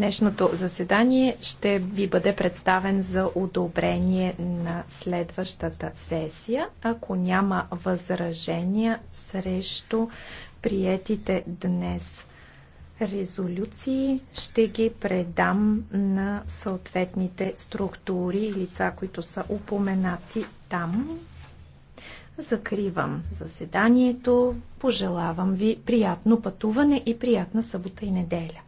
Днешното заседание ще ви бъде представен за одобрение на следващата сесия, ако няма възражения срещу приетите днес резолюции ще ги предам на съответните структури и лица, които са упоменати там. Закривам заседанието. Пожелавам ви приятно пътуване и приятна събота и неделя.